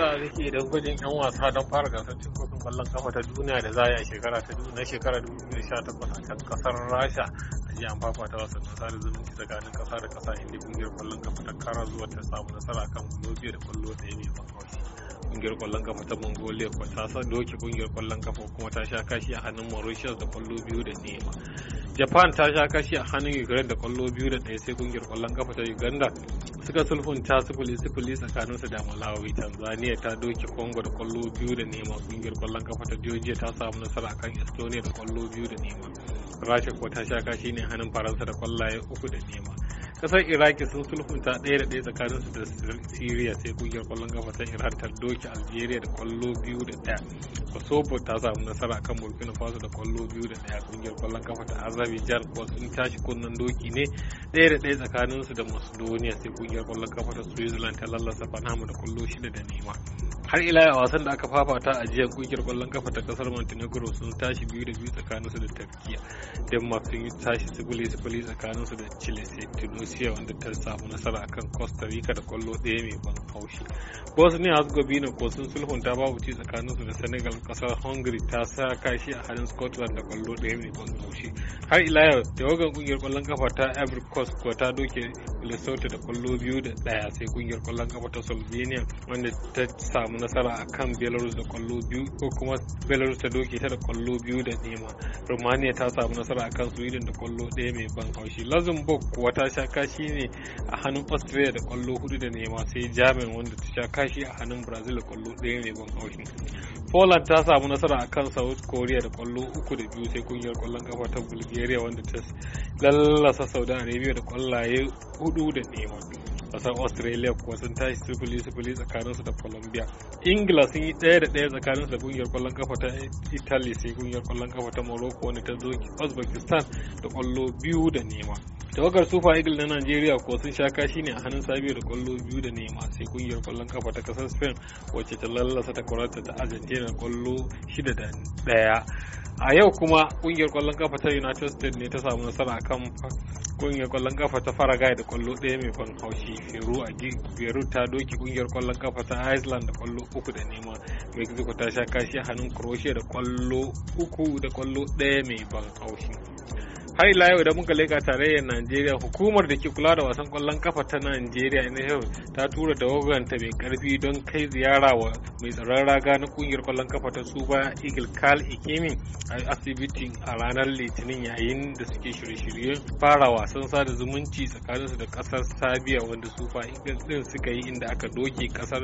alaka yake da gwajin yan wasa don fara gasar cin kofin kwallon kafa ta duniya da za a yi a shekara ta duniya na shekara 2018 a can kasar rasha a jiya an fafata wasannin sada zumunci tsakanin kasa da kasa inda kungiyar kwallon kafa ta kara zuwa ta samu nasara kan biyu da kwallo yi mai ne kungiyar kwallon kafa ta mongolia ta sa doke kungiyar kwallon kafa kuma ta sha kashi a hannun mauritius da kwallo biyu da nema japan ta sha kashi a hannun ukraine da kwallo biyu da ɗaya sai kungiyar kwallon kafa ta uganda suka sulhunta sifili sifili tsakanin su da malawi tanzania ta doke congo da kwallo biyu da nema kungiyar kwallon kafa ta georgia ta samu nasara akan estonia da kwallo biyu da nema rasha kuwa ta sha kashi ne hannun faransa da kwallaye uku da nema kasar iraki sun sulhunta ɗaya da ɗaya tsakanin su da syria sai kungiyar kwallon kafa ta iran ta doki algeria da kwallo biyu da ɗaya kosovo ta samu nasara kan burkina faso da kwallo biyu da ɗaya kungiyar kwallon kafa ta azerbaijan kuwa sun tashi kunnen doki ne ɗaya da ɗaya tsakanin su da macedonia sai kungiyar kwallon kafa ta switzerland ta lallasa panama da kwallo shida da nema har ila a wasan da aka fafata a jiya kungiyar kwallon kafa ta kasar montenegro sun tashi biyu da biyu tsakanin su da turkiya denmark sun tashi sifili sifili tsakanin su da chile sai croatia wanda ta samu nasara akan costa rica da kwallo ɗaya mai ban haushi bosnia herzegovina ko sun sulhunta babu ci tsakanin su da senegal kasar hungary ta sa kashi a hannun scotland da kwallo ɗaya mai ban haushi har ila yau tawagar kungiyar kwallon kafa ta ivory coast ko ta doke Lesotho da kwallo biyu da ɗaya sai kungiyar kwallon kafa ta Slovenia wanda ta samu nasara a kan Belarus da kwallo biyu ko kuma Belarus ta doke ta da kwallo biyu da nema. Romania ta samu nasara a kan Sweden da kwallo daya mai ban haushi. Luxembourg kuwa ta sha kashi ne a hannun Austria da kwallo hudu da nema sai Germany wanda ta sha kashi a hannun Brazil da kwallo daya mai ban haushi. Poland ta samu nasara a kan South Korea da kwallo uku da biyu sai kungiyar kwallon kafa ta Bulgaria wanda ta lallasa Saudi Arabia da kwallaye hudu da nema. Kasar Australia kuwa sun tashi sifili sifili su da Colombia. Ingila sun yi ɗaya da ɗaya tsakanin su da kungiyar kwallon kafa ta Italy sai kungiyar kwallon kafa ta Morocco wanda ta zo Uzbekistan da kwallo biyu da nema. tawagar super eagle na nigeria ko sun sha kashi ne a hannun sabiya da kwallo biyu da nema sai kungiyar kwallon kafa ta kasar spain wacce ta lalasa ta kwararta ta argentina kwallo shida da daya a yau kuma kungiyar kwallon kafa ta united states ne ta samu nasara kan kungiyar kwallon kafa ta faragai da kwallo daya mai ban haushi peru a peru ta doki kungiyar kwallon kafa ta iceland da kwallo uku da nema mexico ta sha kashi a hannun croatia da kwallo uku da kwallo daya mai ban haushi har ila yau idan muka leka tarayyar Najeriya hukumar da ke kula da wasan kwallon kafa ta Najeriya yau ta tura dawaganta mai karfi don kai ziyara wa mai tsaron raga na kungiyar kwallon kafa ta Suba Eagle Kal Ikemi a asibitin a ranar Litinin yayin da suke shirye-shirye fara wasan sada zumunci tsakaninsu da kasar sabiya wanda Suba Eagles din suka yi inda aka doke kasar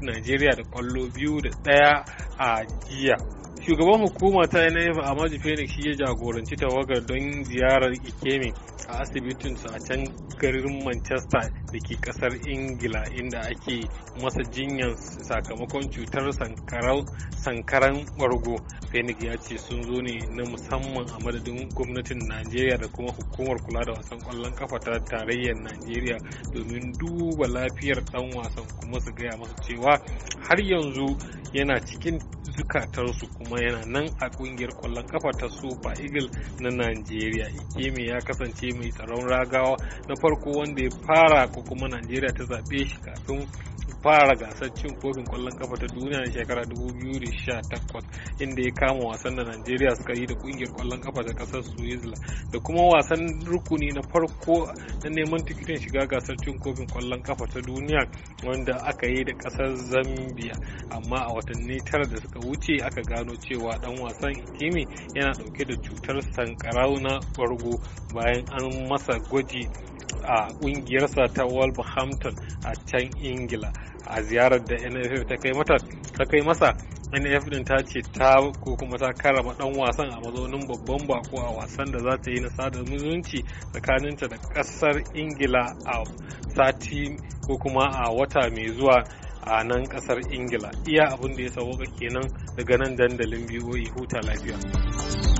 Najeriya da kwallo biyu da ɗaya a jiya. shugaban hukuma ta a Amaju Phoenix shi ya jagoranci tawagar don ziyarar ikemi a asibitinsu a can garin Manchester da ke kasar ingila inda ake masa jinyar sakamakon cutar sankaran bargo fenik ya ce sun zo ne na musamman a madadin gwamnatin najeriya da kuma hukumar kula da wasan kwallon kafa ta tarayyar najeriya domin duba lafiyar ɗan wasan kuma su gaya masa cewa har yanzu yana cikin zukatarsu kuma yana nan a kungiyar kwallon kafa ta super eagle na najeriya ikeme ya kasance mai tsaron ragawa na farko wanda ya fara kuma najeriya ta zaɓe shi kafin fara gasar cin kofin kwallon kafa ta duniya na shekara 2018 inda ya kama wasan da najeriya suka yi da kungiyar kwallon kafa ta kasar Suwizla da kuma wasan rukuni na farko na neman tikitin shiga gasar cin kofin kwallon kafa ta duniya wanda aka yi da kasar zambia amma a watanni tara da suka wuce aka gano cewa ɗan wasan kimi yana ɗauke da cutar sankarau na bargo bayan an masa gwaji a kungiyarsa ta Wolverhampton a can Ingila a ziyarar da NFF ta kai mata ta kai masa NF din ta ce ta ko kuma ta karama dan wasan a mazaunin babban bako a wasan da za ta yi na sada zumunci tsakaninta da kasar Ingila a sati ko kuma a wata mai zuwa a nan kasar Ingila iya abin da ya sauka kenan daga nan dandalin yi e, huta lafiya.